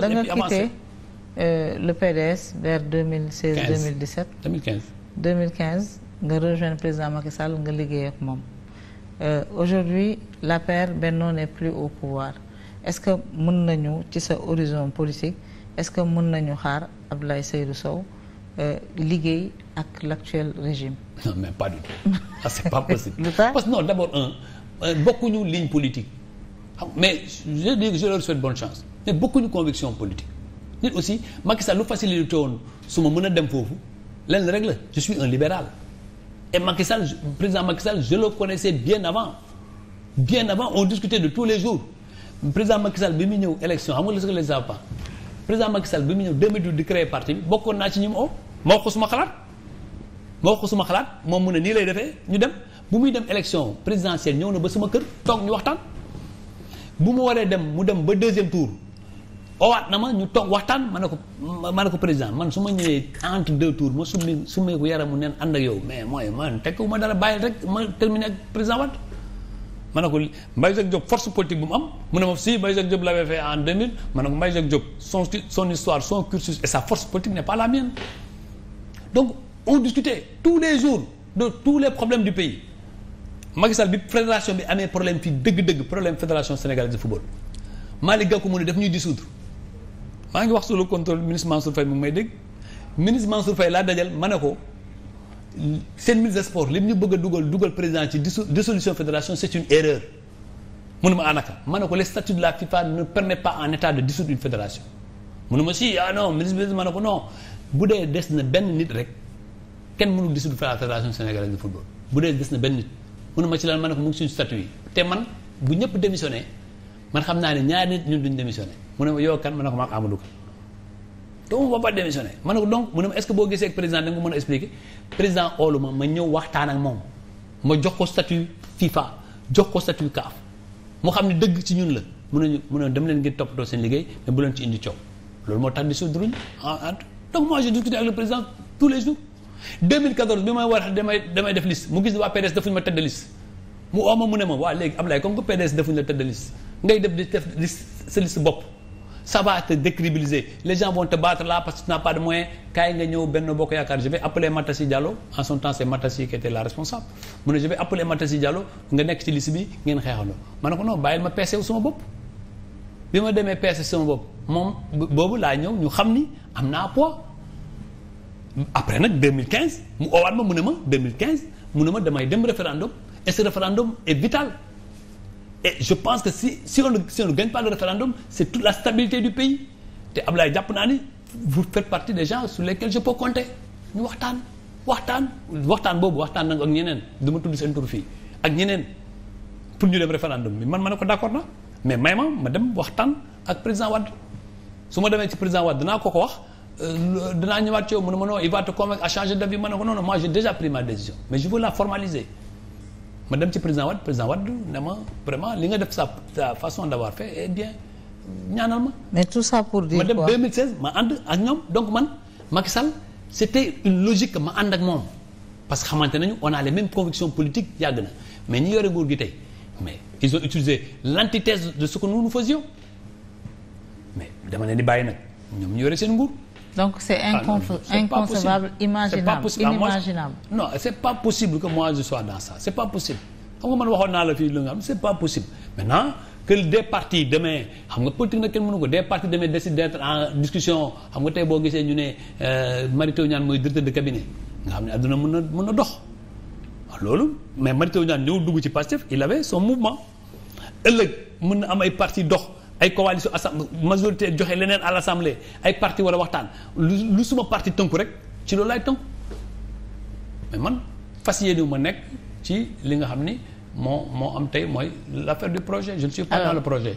da nga quitté euh, le PDS vers 2016 2017 2015 2015 nga rejoindre président Macky nga liggéey ak moom euh, aujourd'hui l'APR Benno n'est plus au pouvoir est-ce que mën nañu ci sa horizon politique est-ce que mun nañu xaar Abdoulaye Seydou Sow euh, liggéey ak l'actuel régime non mais pas du tout ah c'est d'abord bokkuñu ligne politique mais je dis que je leur bonne chance mais bokkuñu conviction politique aussi Macky Sall lu facilité woon su ma mën a dem foofu lenn rek la je un libéral et Macky président Macky Sall je le connaissais bien avant bien avant on discutait de tous les jours président Macky bi mu ñëw élection xam nga les gens ne savent président Macky bi mu ñëw 2012 di créer parti bi bokkoon naa ci ñi mu oo ma wax ko suma xalaat ma wax ko suma xalaat moom mu ne nii lay defee ñu dem bu muy dem élection présidentielle ñëw na ba sama kër toog ñu waxtaan bu mu waree dem mu dem ba deuxième tour. owaat na ma ñu toog waxtaan ma ne ko ma ne ko président man su ma ñëwee entre deux tours ma summi summi ko mu neen ànd ak yow mais mooy man tekkiwu ma dara bàyyi rek ma terminer ak président Wade ma ne ko mbay Jacques Diop force politique bu mu am mu ne ma si Mbaye Jacques Diop l'avait en 2000 ma ne ko Mbaye Jacques son son histoire son cursus et sa force politique n'est pas la mienne donc on discutait tous les jours de tous les problèmes du pays Macky Sall bi fédération bi amee problème fii dëgg-dëgg problème fédération sénégalaise de football Malick Gakou mu ne daf ñuy dissoudre maa ngi wax sous le contrôle ministre Mansour Faye mu ngi may dégg ministre Mansour Faye laa dajal ma ne ko seen ministre des li ñu bëgg dugal dugal président ci dissolution fédération c'est une mu ne ma anaka ah, ma ne ko le statuts de la FIFA ne permettent pas en état de dissoudre une fédération mu ne ma si ah non ministre bi ko no bu dee des na benn nit rek kenn mënul dissoudre la fédération sénégalaise de football bu dee des na benn nit mu ne ma ci lan ma ne ko mu ngi suñu statut yi te man bu ñëpp démissionné. man xam naa ne ñaar nit ñun duñ démissionné mu ne ma yow ma ne ko ma ko mu ne ma est ce que boo gisee ak président da nga a expliquer ma ma ñëw waxtaan ak moom ma jox ko statut FIFA jox ko mu ne dëgg ci ñun la mu ne mu ne dem leen ngir toppatoo seen liggéey mais bu leen ci indi coow loolu moo tax di soudruñ ah, ah. donc moi gis waa PDS defuñu ma tête de liste mu ooma mu waa léegi Ablaye comme que PDS defuñu la tête de ngay def di def di sa liste bopp ça baat te décrédibiliser les gens vont te battre là parce que tu n'as pas de moyen kaay nga ñëw benn bokk yaakaar je vais appeler Matassi Diallo en son temps c'est Matassi qui était la responsable mu ne je vais appeler Matassi Diallo nga nekk ci liste bi ngeen xeexandoo ma ne ko non bàyyil ma peese sama bopp bi ma demee peese sama bopp moom boobu laa ñëw ñu xam ni am naa poids après nag 2015 mu oowaat ma mu ne ma 2015 mu ma damay dem référendum et ce référendum est et je pense que si si on ne si on ne gagne pas le référendum c'est toute la stabilité du pays te Ablaye jàpp naa ni vous faites partie des gens sur lesquels je peux compter ñu waxtaan waxtaan waxtaan boobu waxtaan nag ak ñeneen du ma tudd seen tur fi ak ñeneen pour ñu dem référendum bi man ma ne ko d'accord na mais may ma ma dem waxtaan ak président Wade su ma demee ci président Wade dinaa ko ko wax euh, dinaa ñëwaat ci yow mu ne ma non il va ma ne ko non non moi déjà pris ma décision ma dem ci président Wade président Wade ne ma vraiment li nga def sa sa façon d'avoir fait est bien ñaanal ma. mais tout ça pour dire ma dem ma ànd ak ñoom donc man Macky Sall c'était une logique ma ànd ak moom parce que xamante nañu on a les mêmes convictions politique yàgg na mais ñi yore nguur gi tey mais ils ont utilisé l'antithèse de ce que nous nous faisions mais dama leen di bàyyi nag ñoom ñu yore seen nguur. donc c'est inconfe ah inconcevable imaginable ah, inimaginable. non c'est pas possible que mois je sois dans ça c'est pas possible xam nga man waxoon naa la fii lu nga xam c'est pas possible maintenant que des partis demain xam nga politique nag kenn mënu ko des partis demain décident d'être en discussion xam nga tey boo gisee ñu ne euh, Mary Teuw Niane mooy directeur de cabinet nga xam ne adduna mën na mën na dox waaw loolu mais Mary ñaan Niane ñëw dugg ci Pastef il avait son mouvement ëllëg mën na am ay parti dox ay coalition assemblée majorité joxe leneen à l'assemblée ay partie war waxtaan lu suma parti tënku rek ci loolu laay tënku mais man fas yéene ma nekk ci li nga xam ni moo moo am tey mooy l'affaire du projet je ne suis pas le projet